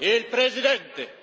il presidente.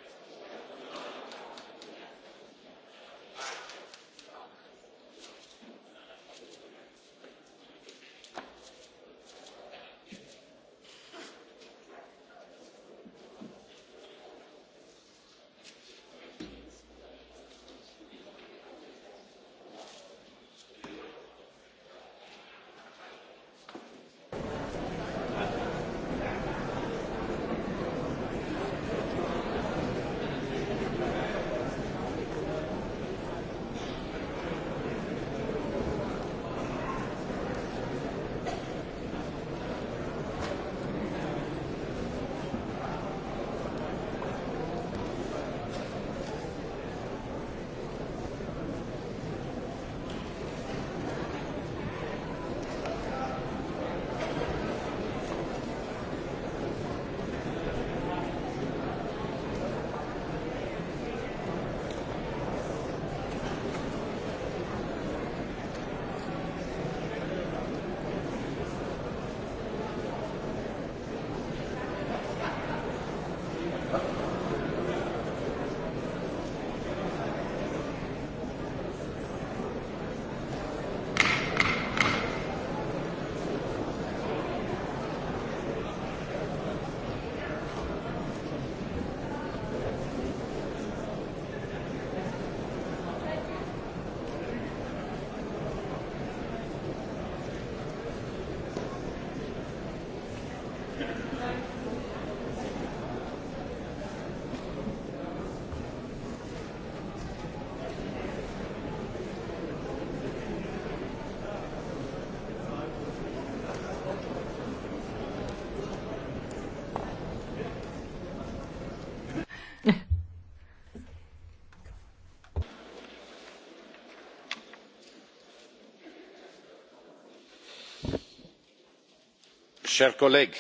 chers collègues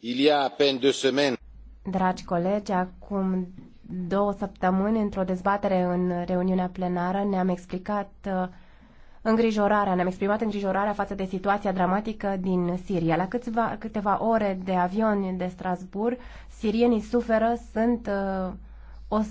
il y a à peine deux semaines Dragi colegi, acum două săptămâni, într-o dezbatere în reuniunea plenară, ne-am explicat uh, îngrijorarea, ne-am exprimat îngrijorarea față de situația dramatică din Siria. La câțiva, câteva ore de avion de Strasbourg, sirienii suferă, sunt uh,